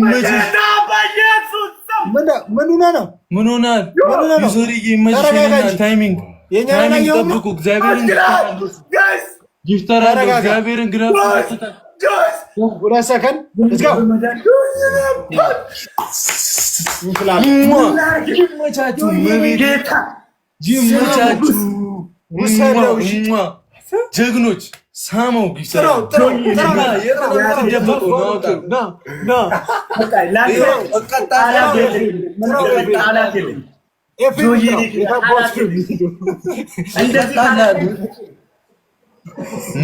ምን ጀግኖች ሳመው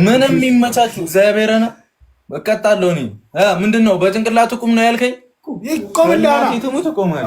ምንም የሚመቻችሁ እግዚአብሔር ነው። እቀጣለሁ። እኔ ምንድን ነው በጭንቅላቱ ቁም ነው ያልከኝ? ትሙት ቆማል።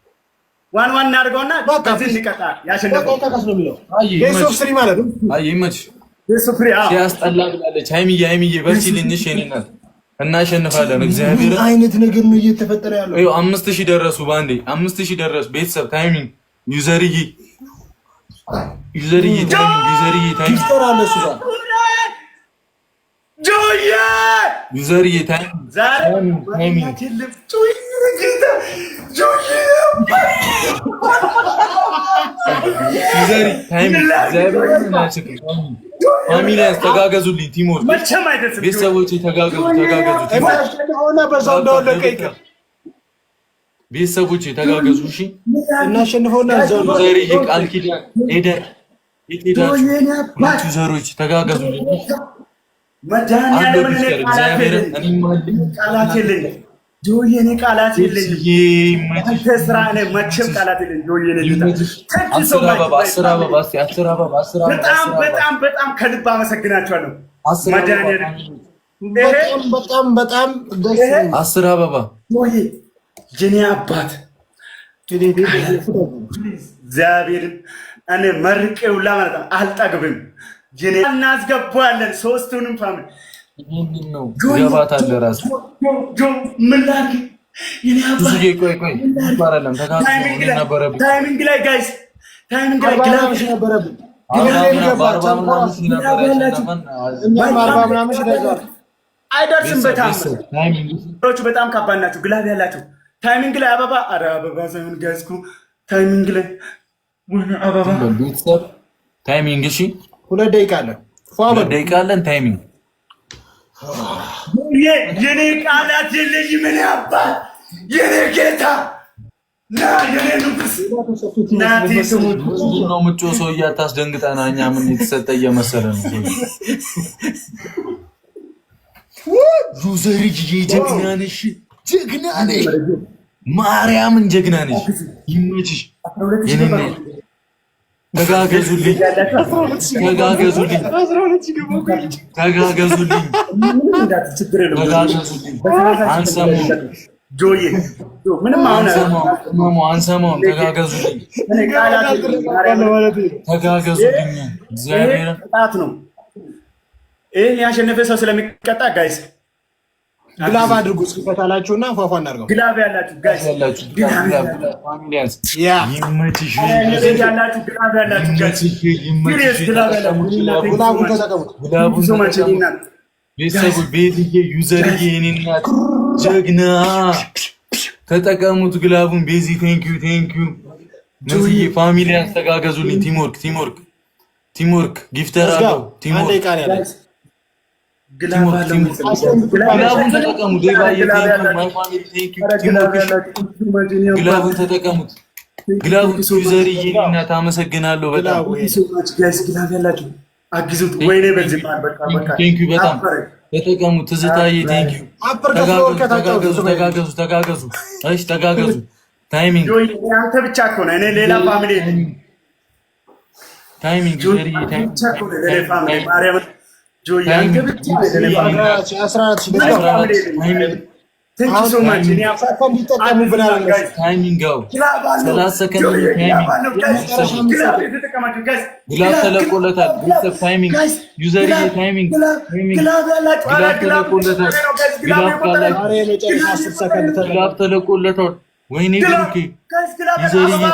ዋን ዋን እናድርገውና ከዚህ እንቀጣ ያሸነፈው ተቀስ ብላለች ሃይሚዬ እናሸንፋለን። እግዚአብሔር አይነት ነገር ነው እየተፈጠረ ያለው። ይኸው አምስት ሺህ ደረሱ ባንዴ አምስት ሺህ ደረሱ። ቤተሰብ ታይሚንግ ዩዘርዬ ዩዘርዬ ታይሚንግ ዩዘርዬ ታይሚንግ ዩዘርዬ ታይሚንግ ዘሪ ታይም ፋሚሊ ያስተጋገዙልኝ ቲሞች ቤተሰቦች የተጋገዙ ተጋገዙ ቤተሰቦች የተጋገዙ እሺ እናሸንፈውና ቃል ኪዳን ሄደር ዘሮች ተጋገዙልኝ ጆዬ ቃላት የለኝም። አንተ ስራ መቼም ቃላት የለኝም። በጣም በጣም በጣም ከልብ አመሰግናቸዋለሁ። በጣም በጣም አስር አበባ ጆዬ የኔ አባት እግዚአብሔርን እኔ መርቄ ሁላ ማለት አልጠግብም። እናስገባዋለን ሶስቱንም ፋሚሊ ምንድን ነው በጣም ከባድ ናቸው። ግላብ ያላቸው ታይሚንግ ላይ አበባ አረ አበባ ሳይሆን ታይሚንግ ላይ አበባ ቤተሰብ ታይሚንግ እሺ፣ ሁለት ደቂቃ አለን፣ ሁለት ደቂቃ አለን ታይሚንግ የኔ ቃላት የለኝ። ምን ያባል የኔ ጌታ ና የኔ ንጉስ ነው ምጮ ሰው እያታስደንግጠና እኛ ምን የተሰጠ እየመሰለ ነው። ዩዘር ጀግና ነሽ፣ ጀግና ነሽ፣ ማርያምን ጀግና ነሽ። ይመችሽ። ተጋገዙልኝ፣ ተጋገዙልኝ፣ ተጋገዙልኝ፣ አንሰማውም፣ አንሰማውም፣ ያሸነፈ ሰው ስለሚቀጣ ጋይስ ግላቭ አድርጉ ጽፈት አላችሁ እና ፏፏ እናድርገው። ግላቭ ያላችሁ ጋይስ ያላችሁ ጀግና ተጠቀሙት ግላቡን። ቤዚ ቴንኪዩ ቴንኪዩ። መዝዬ ፋሚሊ ያስተጋገዙልኝ። ቲምወርክ ቲምወርክ ቲምወርክ ጊፍተር አለው ግላቡን ተጠቀሙ። ግላቡን ተጠቀሙት። ዘር እናት አመሰግናለሁ። በጣም አግዙት። ወይኔ በዚህ በጣም ተጠቀሙት። ትዝታዬ ቴንኪው። ተጋገዙ፣ ተጋገዙ፣ ተጋገዙ። እሺ ተጋገዙ። ታይሚንግ አንተ ብቻ ከሆነ እኔ ሌላ ፋሚሊ ታይሚንግ ተለቆለታል። ወይኔ ብሩኬ ይዘርዬ ነው።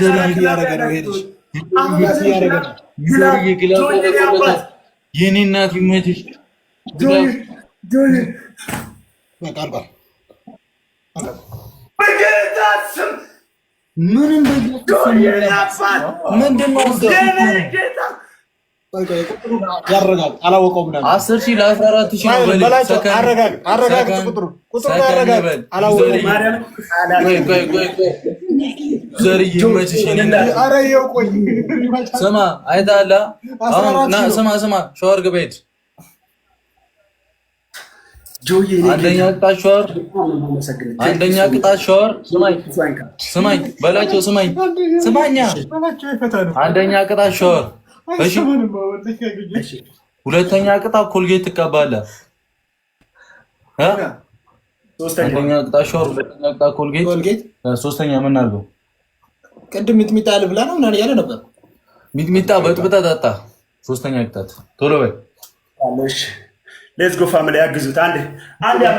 ተለቆለታል። የኔ እናት ይመችሽ። ምንም ምንድነው ያረጋግጥ አላወቀውም። አስር ሺህ ለአስራ አራት ሺህ አንደኛ ቅጣት አንደኛ ቅጣት ስማኝ በላቸው ስማኝ ስማኛ አንደኛ ቅጣት ሁለተኛ ቅጣ ኮልጌት ትቀባለህ። ሶስተኛ ምን አልበው? ቅድም ሚጥሚጣ ልብላ ነው ምናምን እያለ ነበር። ሚጥሚጣ በጥብጣ ጠጣ። ሶስተኛ ቅጣት ቶሎ በል። ሌትስ ጎ ፋሚሊ ያግዙት። አንድ አንድ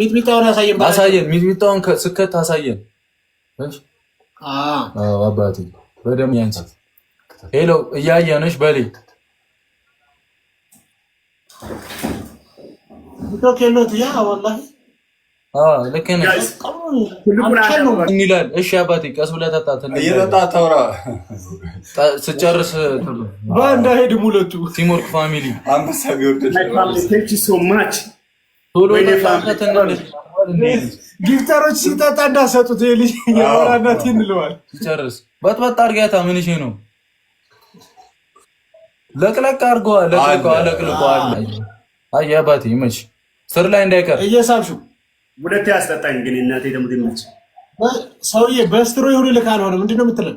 ሚጥሚጣውን አሳየን አሳየን። ሚጥሚጣውን ስከት አሳየን። አባቴ በደምብ ያንሳት ሄሎ እያየንሽ በል ይላል። እሺ አባቴ ቀስ ብለህ ስጨርስ ሁለቱ ቲሞርክ ፋሚሊ ጊፍተሮች ሲጠጣ እንዳሰጡት ልጅ የወራናት ይንለዋል። አድርጊያታ ምንሽ ነው? ለቅለቅ አድርገዋል። ለቅለቀዋ ለቅልቀዋል። አይ አባቴ ይመች ስር ላይ እንዳይቀር እየሳብሹ ሁለት ያስጠጣኝ ግን እናቴ ደግሞ ይመች ሰውዬ በስትሮ ይሁን ልካ ነው ነው ምንድነው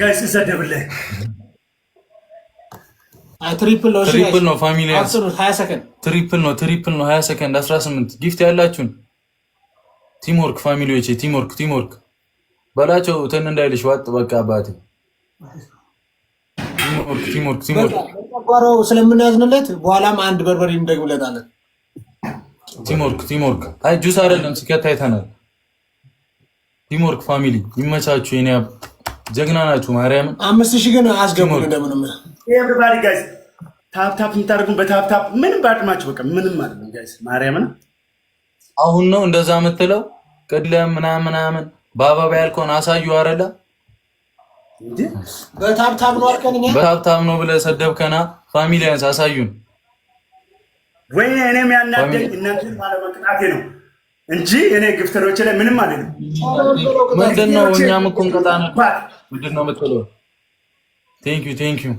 ጋይስ ይሰደብልህ ትሪፕል ነው ትሪፕል ነው ፋሚሊ ሀያ ሰከንድ ትሪፕል ነው ትሪፕል ነው ሀያ ሰከንድ አስራ ስምንት ጊፍት ያላችሁን ቲምወርክ ፋሚሊዎቼ ቲምወርክ ቲምወርክ በላቸው ትን እንዳይልሽ ዋጥ በቃ አባቴ ጓራው ስለምናያዝንለት በኋላም አንድ በርበሬ እንደግብለታለን። ቲሞርክ ቲሞርክ፣ አይ ጁስ አይደለም ሲከታ አይተናል። ቲሞርክ ፋሚሊ ይመቻችሁ፣ የኔ ጀግና ናችሁ። ማርያምን አምስት ሺህ ግን አስገቡን እንደምንም። ኤቭሪባዲ ጋይስ ታፕታፕ እንታደርጉን በታፕታፕ ምንም በአቅማችሁ በቃ ምንም ማለት ነው ጋይስ። ማርያምን አሁን ነው እንደዛ የምትለው ቅድም ምናምን ምናምን በአባባ ያልከውን አሳዩ አረዳ በታብታብ ነው ብለህ ሰደብከና፣ ፋሚሊያንስ አሳዩን ወይ እኔም ያናደኝ እናንተ ባለመቅጣቴ ነው እንጂ እኔ ግፍተሮች ላይ ምንም አለ ምንድን ነው? እኛም እኮ እንቀጣ ነው ምንድን ነው የምትለው? ቴንክ ዩ ቴንክ ዩ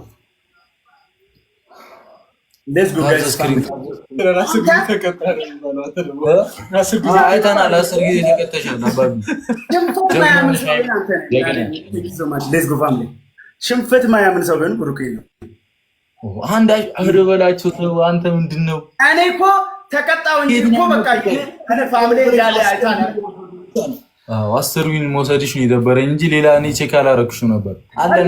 አይተናል። አስር ጊዜ ተቀጥተሻል። ሽንፈት ማያምን ሰው ቢሆን ብሩክ ነው። አንድ አህዶ በላቸው ሰው አንተ ምንድን ነው? እኔ እኮ ተቀጣው እንጂ እኮ በቃ ፋሚሊ ያለ አስር ዊን መውሰድሽ ነው የደበረኝ እንጂ ሌላ እኔ ቼክ አላረግሽም ነበር አለን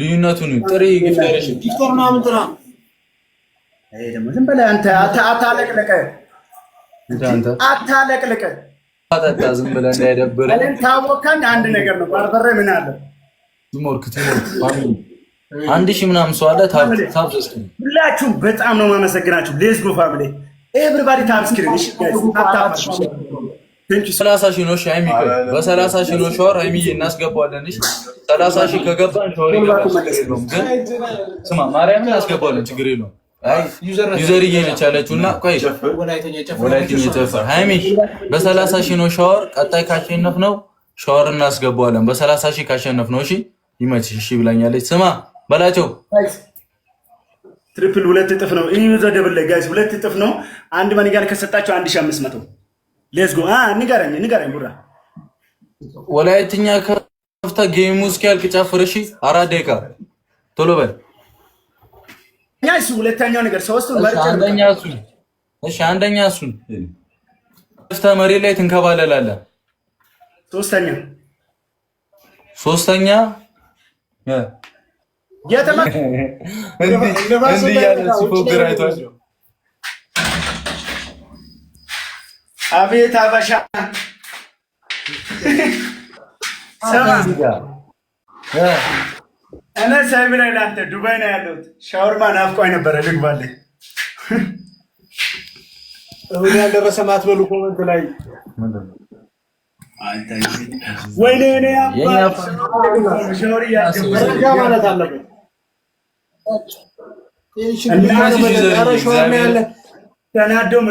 ልዩነቱን ጥሪ ግፍተርሽ ጊፍተር ዝም በላይ አንተ አታለቅልቅ፣ አታለቅልቅ አጠጣ ዝም ብለህ እንዳይደብር። ታወካኝ አንድ ነገር ነው። ባርበሬ ምን አለ ትሞርክ አንድ ሺህ ምናምን ሰው አለ። ሁላችሁም በጣም ነው የማመሰግናችሁ። ሌዝጎ ፋሚሊ ኤቭሪባዲ ታብስክሪን እሺ ሰላሳ ሺህ ነው። እሺ ሃይሚ ቆይ፣ በሰላሳ ሺህ ነው ሻወር ሃይሚዬ እናስገባዋለን። እሺ ሰላሳ ሺህ ከገባን ሻወር ስማ፣ ማርያምን እናስገባዋለን። ችግር የለውም። አይ ዩዘር እየነች ያለችው እና ቆይ፣ ወላይትኛ ጨፈር ሃይሚ በሰላሳ ሺህ ነው ሻወር። ቀጣይ ካሸነፍ ነው ሻወር እናስገባዋለን። በሰላሳ ሺህ ካሸነፍ ነው። እሺ ይመችሽ። እሺ ብላኛለች። ስማ በላቸው ትሪፕል ሁለት እጥፍ ነው። ይህ ዩዘር ደብል ላይ ጋይስ ሁለት እጥፍ ነው። አንድ ማን ከሰጣቸው አንድ ሺህ አምስት መቶ ሌትስ ጎ አ ንገረኝ ንገረኝ ቡራ ወላይትኛ ከፍታ ጌሙ እስኪያልቅ ጨፍር። አራት ደቂቃ ቶሎ በል። እኛ እሱ ሁለተኛው ነገር ሶስቱን መርጬ አንደኛ እሱ እሺ፣ አንደኛ እሱ ከፍታ መሬት ላይ ትንከባለላለ ሶስተኛ ሶስተኛ የተማ እንዲህ ያለ ሲፎግር አይቷቸው አቤት አበሻ እኔ ሳይብ ላይ ለአንተ ዱባይ ነው ያለሁት። ሻወርማ ናፍቆኝ ነበረ። ልግባለ እሁን ያልደረሰ ማትበሉ ኮመንት ላይ ወይኔ እኔ ሻወር እያስገባ ማለት አለበት ሻወር ያለ ተናደሙ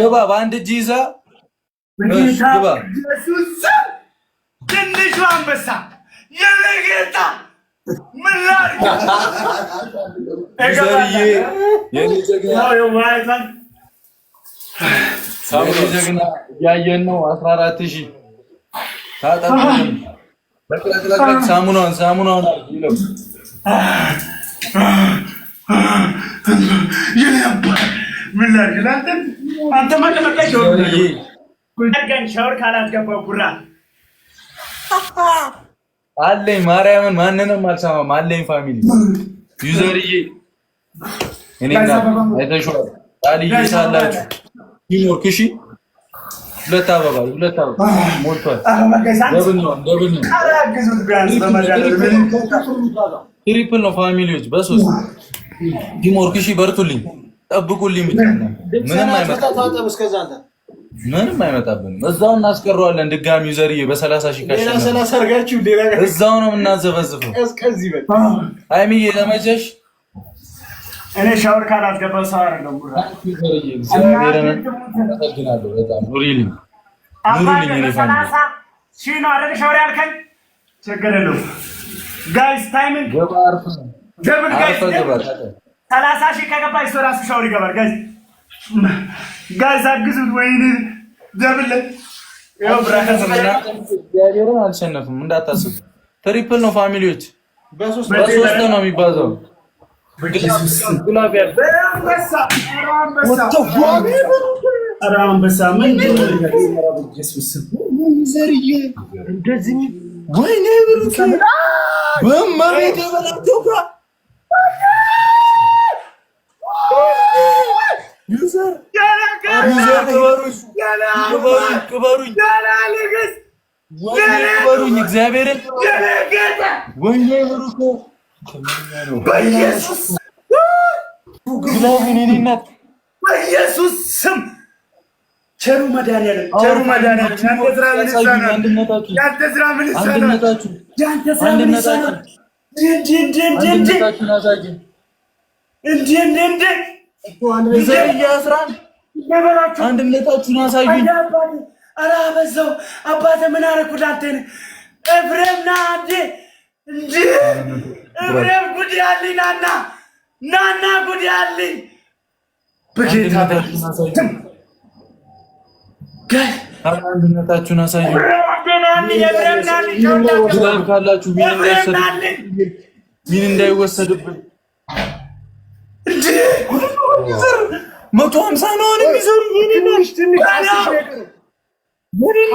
ግባ፣ በአንድ እጅ ይዛ ግባ። ትንሹ አንበሳ የጌታ ጀግና እያየን ነው። አስራ አራት ሺህ ሳሙናውን ሳሙናውን ሻወር ካላስገባው ጉራ አለኝ። ማርያምን ማንንም አልሰማም አለኝ። ፋሚሊ ዩዘርዬ አይተሽዋል። ቃልዬ ሳላችሁ ቲምወርክ እሺ። ሁለት አበባ ሁለት አበባ ሞልቷል። ትሪፕል ነው ፋሚሊዎች በሶስት ቲሞርክ እሺ፣ በርቱልኝ፣ ጠብቁልኝ። ምንም አይመጣብንም፣ ምንም አይመጣብን። እዛው እናስቀረዋለን። ድጋሚ ዘርዬ በሰላሳ ሺህ እዛው ነው የምናዘፈዝፈው። አይሚዬ ተመቸሽ? እኔ ሻወር ካላስገባ ሰው አይደለም። ጋይስ ታይሚንግ ለምን ጋይስ ሰላሳ ሺህ ከገባ እሱ ራሱ ሻወር ይገባል። ጋይስ ጋይስ አግዙት። ወይኔ ደብል እግዚአብሔርን አልሸነፍም እንዳታስቡ። ትሪፕል ነው ፋሚሊዎች፣ በሶስት ነው የሚባዛው። ወይኔ Yüzer. Yüzer de Kıvaruş. Kıvaruş, Kıvaruş. Kıvaruş, እግዚአብሔርን ወንጌል እኮ በኢየሱስ እግዚአብሔርን እናት በኢየሱስ ስም ቸሩ መድኃኒዓለም ቸሩ መድኃኒዓለም ያንተ ስራ ምን ይሳናል? ያንተ ስራ ምን ይሳናል? ያንተ ስራ ምን ይሳናል? አንድነታችሁን አሳዩኝ። ኧረ በዛው አባተ ምን አደረኩት? አንተን ኤፍሬም ና አንዴ እንደ ኤፍሬም ጉድ ያልኝ ናና ናና ጉድ ያልኝ በጌታ አንድነታችሁን አሳዩ። ድጋፍ ካላችሁ ሚን እንዳይወሰድብን። መቶ ሀምሳ ነው የሚሰሩ ወይኔ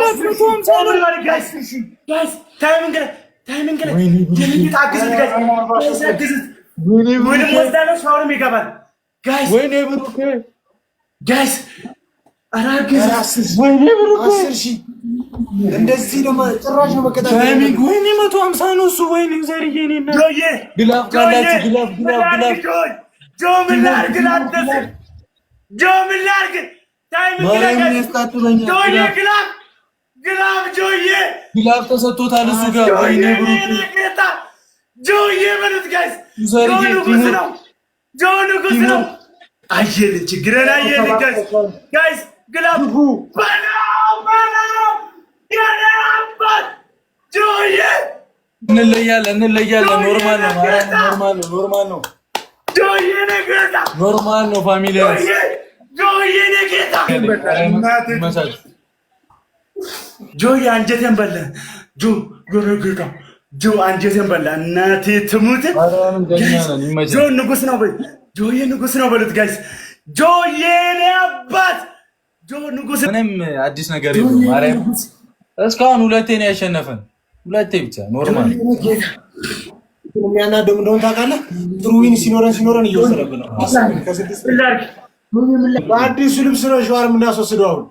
እንደዚህ ነው ጭራሽ ነው መቀጣት። ተሰጥቶታል እሱ ጋር ወይኔ ብሩክ ጆዬ በሉት ጋይስ ጆ ንጉስ ነው ጆ ንጉስ ነው። አየልን ችግረን አየልን ጋይስ ግላቡ እንለያለን እንለያለን። ኖርማል ነው፣ ኖርማል ነው፣ ኖርማል ነው፣ ኖርማል ነው። ፋሚሊ ጆይ አንጀቴን በለ ጆ የኔ ጌታ ጆ አንጀቴን በለ እናቴ ትሙት። ጆ ንጉስ ነው በይ ጆዬ ንጉስ ነው በሉት ጋይስ። ጆዬ የኔ አባት ምንም አዲስ ነገር የለም። ማርያም እስካሁን ሁለቴ ነው ያሸነፈን፣ ሁለቴ ብቻ ኖርማል። የሚያናደው እንደሆነ ታውቃለህ። ትሩዊን ሲኖረን ሲኖረን እየወሰደብን ነው። በአዲሱ ልብስ ነው ሸዋር የምናስወስደው። አሁን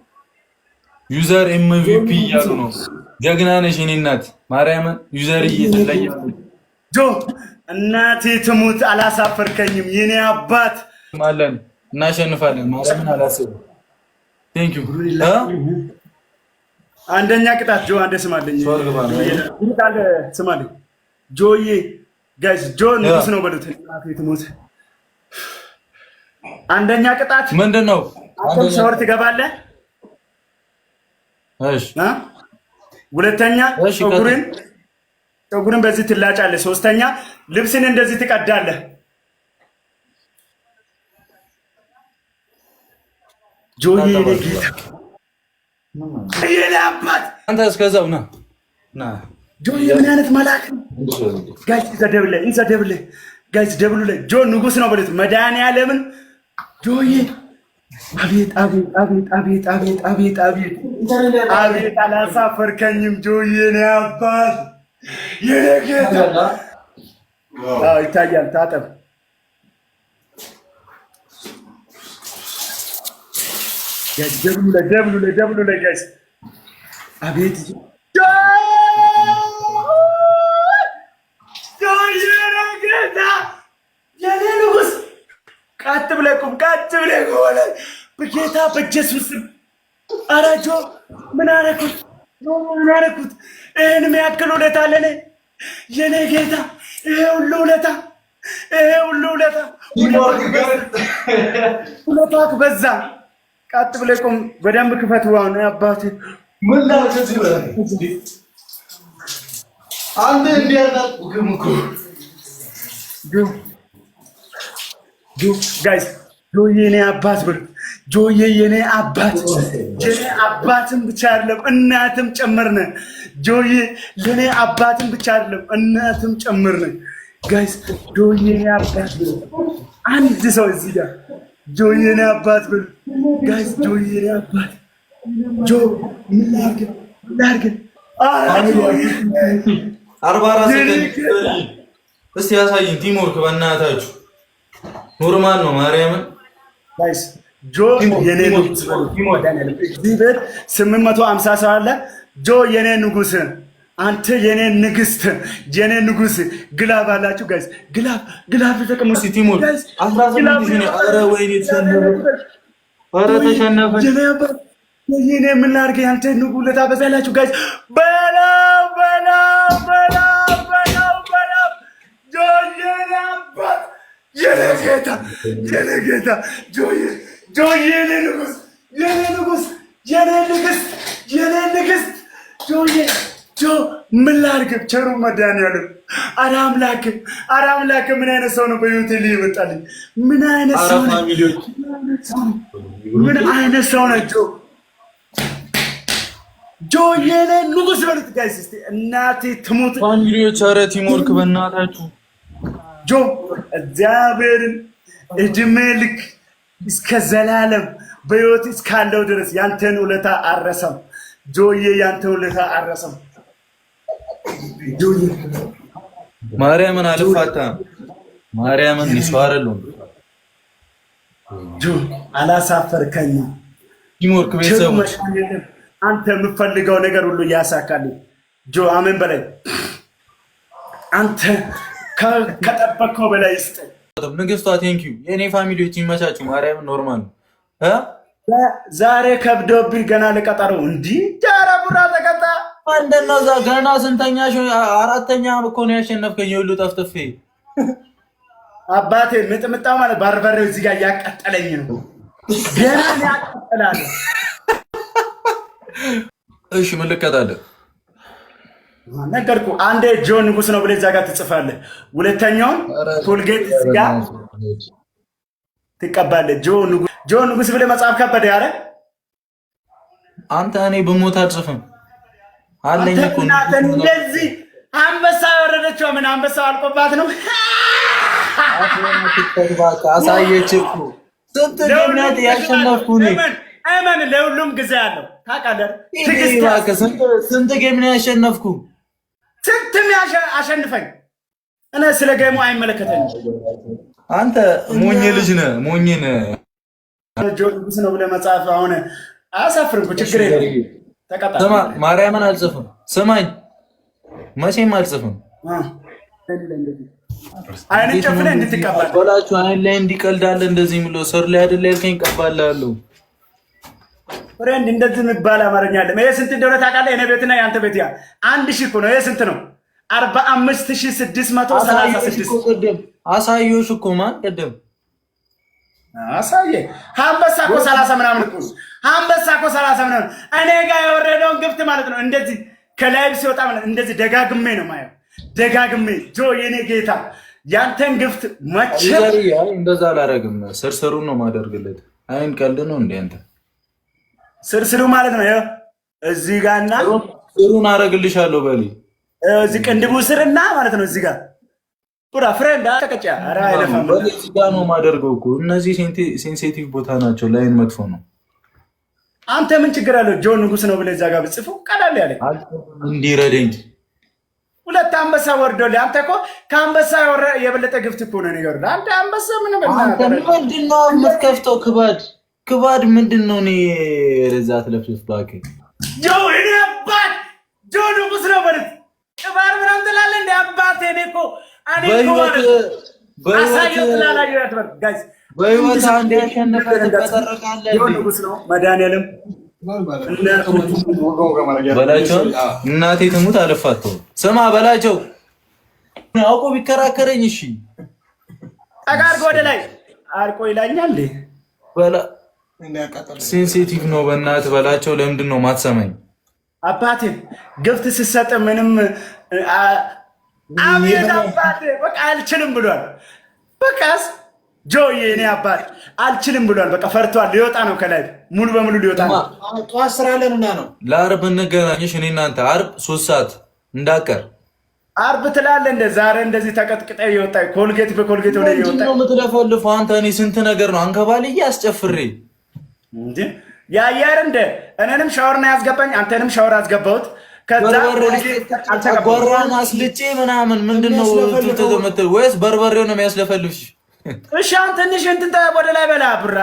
ዩዘር ኤምቪፒ እያሉ ነው። ጀግና ነሽ የኔ እናት ማርያምን። ዩዘር እየተለየ ጆ እናቴ ትሙት አላሳፈርከኝም የኔ አባት። አለን እናሸንፋለን። ማርያምን አላስብም አንደኛ ቅጣት ጆ አንደ ስማለኝ ስማለኝ ጆዬ ጋይስ ጆ ንጉስ ነው በሉት። ትሞት አንደኛ ቅጣት ምንድን ነው? ሻወር ትገባለህ። ሁለተኛ ጸጉርን ጸጉርን በዚህ ትላጫለህ። ሶስተኛ ልብስን እንደዚህ ትቀዳለህ። አንተ እስከዛው ና ና ምን አይነት መልአክ ነው ጋይስ ጋይስ ደብሉ ላይ ጆ ንጉስ ነው በሉት መድኃኒዓለምን አቤት አቤት አቤት አቤት አቤት አቤት አቤት አቤት አላሳፈርከኝም አባት የኔ ጌታ ይታያል ታጠብ ደብሉ ላይ ደብሉ ላይ ደብሉ ላይ ጋይስ አቤት ቀጥ ብለህ ቁም፣ ቀጥ ብለህ ሆነ። በጌታ በኢየሱስ ስም ኧረ ምን አደረኩት? ምን አደረኩት? ይህን የሚያክል ውለታ ለኔ የኔ ጌታ፣ ይሄ ሁሉ ውለታ፣ ይሄ ሁሉ ውለታ፣ ውለታክ በዛ ቀጥ ብለህ ቁም። በደንብ ክፈት። ዋን አባት ምን እዚህ ይበላል። አንተ እንዲያናል ግም እኮ ጋይስ ጆዬ የኔ አባት ብር ጆዬ የኔ አባት የኔ አባትም ብቻ አይደለም እናትም ጨምርነ። ጆዬ ለኔ አባትም ብቻ አይደለም እናትም ጨምርነ። ጋይስ ጆዬ የኔ አባት አንድ ሰው እዚህ ጋር ጆየኔ አባት ብሎ ጋይስ፣ ጆየኔ አባት ጆ ምን ላድርግ ምን ላድርግ? አርባ አራት እስቲ ያሳይ ቲምወርክ፣ በእናታችሁ ኖርማል ነው። ማርያምን ጋይስ፣ ጆ የኔ ንጉስ፣ ስምንት መቶ ሀምሳ ሰው አለ። ጆ የኔ ንጉስ አንተ የኔ ንግስት የኔ ንጉስ፣ ግላብ አላችሁ ጋይስ? ግላብ ግላብ ተጠቀሙ። ሲቲሙር አረ ወይኔ ተሸነፈ። የኔ ምን ላድርግ? አንተ ንጉ ለታ በዛላችሁ ጋይስ። በላው በላው በላው በላው በላው ጆየኔ አባት የኔ ጌታ የኔ ጌታ ጆየ ጆየኔ ንጉስ የኔ ንጉስ የኔ ንግስት የኔ ንግስት ጆየ ጆ ምን ላድርግ? ቸሩ መድኃኒዓለም ኧረ አምላክ ኧረ አምላክ ምን አይነት ሰው ነው በህይወቴ ላይ የመጣልኝ? ምን አይነት ሰው ነው? ምን አይነት ሰው ነው? ጆ ጆ የኔ ንጉስ በሉት ጋይስ፣ እስቲ እናቴ ትሙት ፋሚሊዎች፣ ኧረ ቲሞርክ በእናታችሁ ጆ እግዚአብሔርን እድሜ ልክ እስከ ዘላለም በህይወት እስካለው ድረስ ያንተን ውለታ አረሰም ጆዬ፣ ያንተ ውለታ አረሰም ማርያምን አልፋታ ማርያምን ይሰው አይደለም አላሳፈርከኝም። ቲሞርክ ቤተሰቦች አንተ የምፈልገው ነገር ሁሉ እያሳካልኝ ጆ አሜን በላይ አንተ ከጠበቀው በላይ ስጥ። ንግስቷ ቴንኪዩ የእኔ ፋሚሊዎች ይመቻችሁ። ማርያምን ኖርማል ዛሬ ከብዶብኝ ገና ለቀጠሮ እንዲህ ምንድነው እዛ ገና ስንተኛ አራተኛ እኮ ነው ያሸነፍከኝ። ሁሉ ጠፍጥፌ አባቴ ምጥምጣው ማለት ባርበሬው እዚህ ጋር እያቃጠለኝ ነው። ገና ያቃጠላል። እሺ ምን ልቀጣለህ? ነገርኩህ። አንዴ ጆን ንጉስ ነው ብለህ እዛ ጋር ትጽፋለህ። ሁለተኛውን ቶልጌት እዚህ ጋር ትቀባለህ። ጆን ንጉስ ብለህ መጽሐፍ ከበደ ያለ አንተ እኔ በሞት አልጽፍም አለኝ እኮ እንደዚህ አንበሳ ያወረደችው ምን አንበሳ አልቆባት ነው። አሳየች እኮ ስንት ድነት ያሸነፍኩ እመን ለሁሉም ጊዜ አለው ታውቃለህ። ስንት ጌም ነው ያሸነፍኩ። ስንትም አሸንፈኝ። እኔ ስለ ጌሙ አይመለከተኝም። አንተ ሞኝ ልጅ ነህ። ሞኝ ነህ። ጆርጅ ነው ብለህ መጽሐፍ አሁን አያሳፍርም። ችግር የለም ማርያምን አልጽፍም። ስማኝ መቼም አልጽፍም። ላችሁ አይን ላይ እንዲቀልዳለ እንደዚህ ምሎ ሰር ላይ አይደለ ያልከኝ ቀባላለሁ። ፍሬንድ እንደዚህ የሚባል አማርኛ አለ። ይሄ ስንት እንደሆነ ታውቃለህ? የኔ ቤትና የአንተ ቤት ያ አንድ ሺህ እኮ ነው። ይሄ ስንት ነው? አርባ አምስት ሺህ ስድስት መቶ ሰላሳ ስድስት አሳየሁሽ እኮ ማን ቅድም አሳየ አንበሳ እኮ ሰላሳ ምናምን አንበሳ እኮ ሰላሳ ምናምን እኔ ጋር የወረደውን ግብት ማለት ነው። እንደዚህ ከላይብ ሲወጣ ማለት እንደዚህ ደጋግሜ ነው ማየው፣ ደጋግሜ ጆ፣ የኔ ጌታ ያንተን ግፍት መቼ እንደዛ አላረግም። ስርስሩ ነው ማደርግለት። አይን ቀልድ ነው እንደ አንተ ስርስሩ ማለት ነው። እዚህ ጋር እና ስሩን አረግልሻለሁ በል እዚህ ቅንድቡ ስርና ማለት ነው እዚህ ጋር ቡራ ፍሬንድ አቀጫ ራ አይለፋም። እዚህ ጋር ነው ማደርገው እኮ እነዚህ ሴንሲቲቭ ቦታ ናቸው። ላይን መጥፎ ነው። አንተ ምን ችግር አለው? ጆን ንጉስ ነው ብለህ እዛ ጋር ብጽፉ ቀላል ያለ እንዲረደኝ ሁለት አንበሳ ወርዶልህ። አንተ እኮ ከአንበሳ የበለጠ ግፍት እኮ ነው ነገር አንተ አንበሳ ምን ምንድን ነው የምትከፍተው? ክባድ ክባድ ምንድን ነው? እኔ ረዛ ትለፍልፍ እባክህ ጆ እኔ አባት ጆ ንጉስ ነው በልት ቅባር ምናምን ትላለህ እንደ አባት እኔ እኮ እኔ እኮ ማለት በህይወት አንድ ያሸነፈ ትመሰረታለህ። መድኃኒዓለም በላቸው እናቴ ትሙት አልፋተው ስማ በላቸው አውቆ ቢከራከረኝ እሺ ጠቃርጎ ወደ ላይ አርቆ ይላኛል። ሴንሲቲቭ ነው በእናትህ በላቸው። ለምንድን ነው ማትሰማኝ? አባቴ ግፍት ስትሰጥ ምንም አቤት አባቴ በቃ አልችልም ብሏል። በቃስ ጆዬ እኔ አባት አልችልም ብሏል። በቃ ፈርቷል። ሊወጣ ነው ከላይ ሙሉ በሙሉ ሊወጣ ነው። ጠዋት ስራ ለምና ነው። ለአርብ እንገናኝሽ እኔ እናንተ አርብ ሶስት ሰዓት እንዳቀር አርብ ትላለህ። እንደ ዛሬ እንደዚህ ተቀጥቅጠ ይወጣ ኮልጌት በኮልጌት ወደ ይወጣ የወጣ የምትለፈልፈው አንተ። እኔ ስንት ነገር ነው አንከባልዬ አስጨፍሬ እንዴ ያያር እንደ እኔንም ሻወር ነው ያስገባኝ፣ አንተንም ሻወር አስገባሁት። ጎራውን አስልጬ ምናምን ምንድን ነው የምትል ወይስ በርበሬው ነው የሚያስለፈልፍሽ? እሺ አሁን ትንሽ እንትን ወደ ላይ በላ ብራ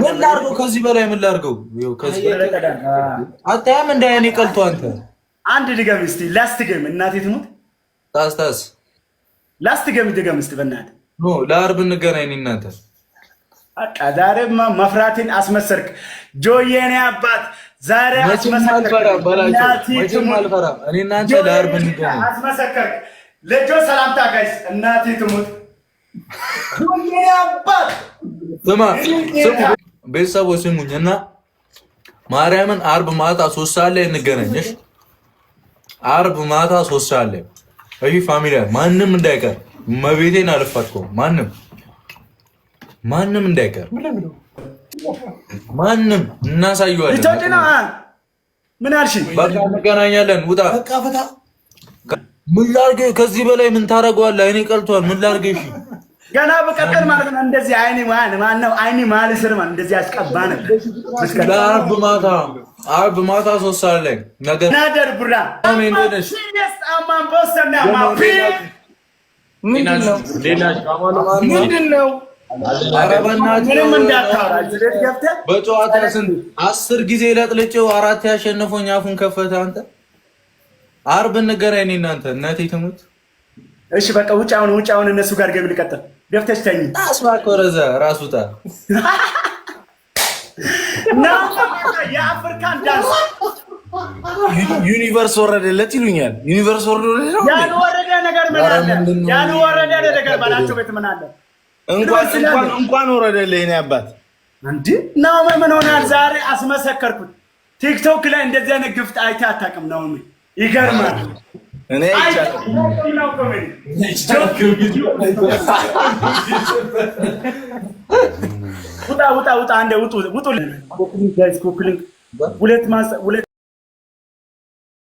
ምን ላድርገው? ከዚህ በላይ ምን ላድርገው? አታያም እንደ ቀልቶ አንተ አንድ ድገም ላስት ገም እናቴ ትሙት ታስ ታስ ላስት ገም ድገም ኖ ለአርብ እንገናኝ። እናንተ ዛሬማ መፍራቴን አስመሰርክ ጆዬ፣ አባት ዛሬ አስመሰከርክ። ልጆ ሰላምታ ጋይስ፣ እናቴ ትሙት። ቤተሰቦች ስሙኝ እና ማርያምን አርብ ማታ ሶስት ሰዓት ላይ እንገናኘሽ። አርብ ማታ ሶስት ሰዓት ላይ እሺ? ፋሚሊ ማንም እንዳይቀር መቤቴን አልፋትኩም። ማንም ማንም እንዳይቀር ማንም እናሳየዋለን። ኢትዮጵያ ምን አልሽ? በቃ እንገናኛለን። ውጣ በቃ ፈታ። ምን ላድርግ? ከዚህ በላይ ምን ታደርገዋለህ? አይኔ ቀልቷል። ምን ላድርግ? እሺ ገና በቀጠል ማለት ነው። እንደዚህ አይኔ ማን ማን ነው? አይኔ ማል ስር ማን እንደዚህ አስቀባ ነበር። ለአርብ ማታ አርብ ማታ ሶስት ሰዓት ላይ ነገር ናደር ብራ ምንድን ነው? በጨዋታ ስንት አስር ጊዜ ለጥልጭው አራት ያሸነፈኝ አፉን ከፈተ። አንተ አርብ እንገናኝ። እኔ እናንተ እናቴ ትሙት። እሺ በቃ ውጭ አሁን ውጭ አሁን እነሱ ጋር ገብ ልቀጥል። ገብተሽ ተኝ አስባኮረዘ ራሱ ጣ የአፍሪካን ዳንስ ዩኒቨርስ ወረደለት ይሉኛል። ዩኒቨርስ ወረደለት ያልወረደ ነገር ምን አለ? ያልወረደ ነገር ባላቸው ቤት ምን አለ? እንኳን ወረደልህ የእኔ አባት። እንዲ ናሆሜ ምን ሆናል? ዛሬ አስመሰከርኩት። ቲክቶክ ላይ እንደዚህ አይነት ግፍት አይተህ አታውቅም ናሆሜ። ይገርማል። እኔ ውጣ ውጣ ውጣ፣ አንዴ ውጡ፣ ውጡ ሁለት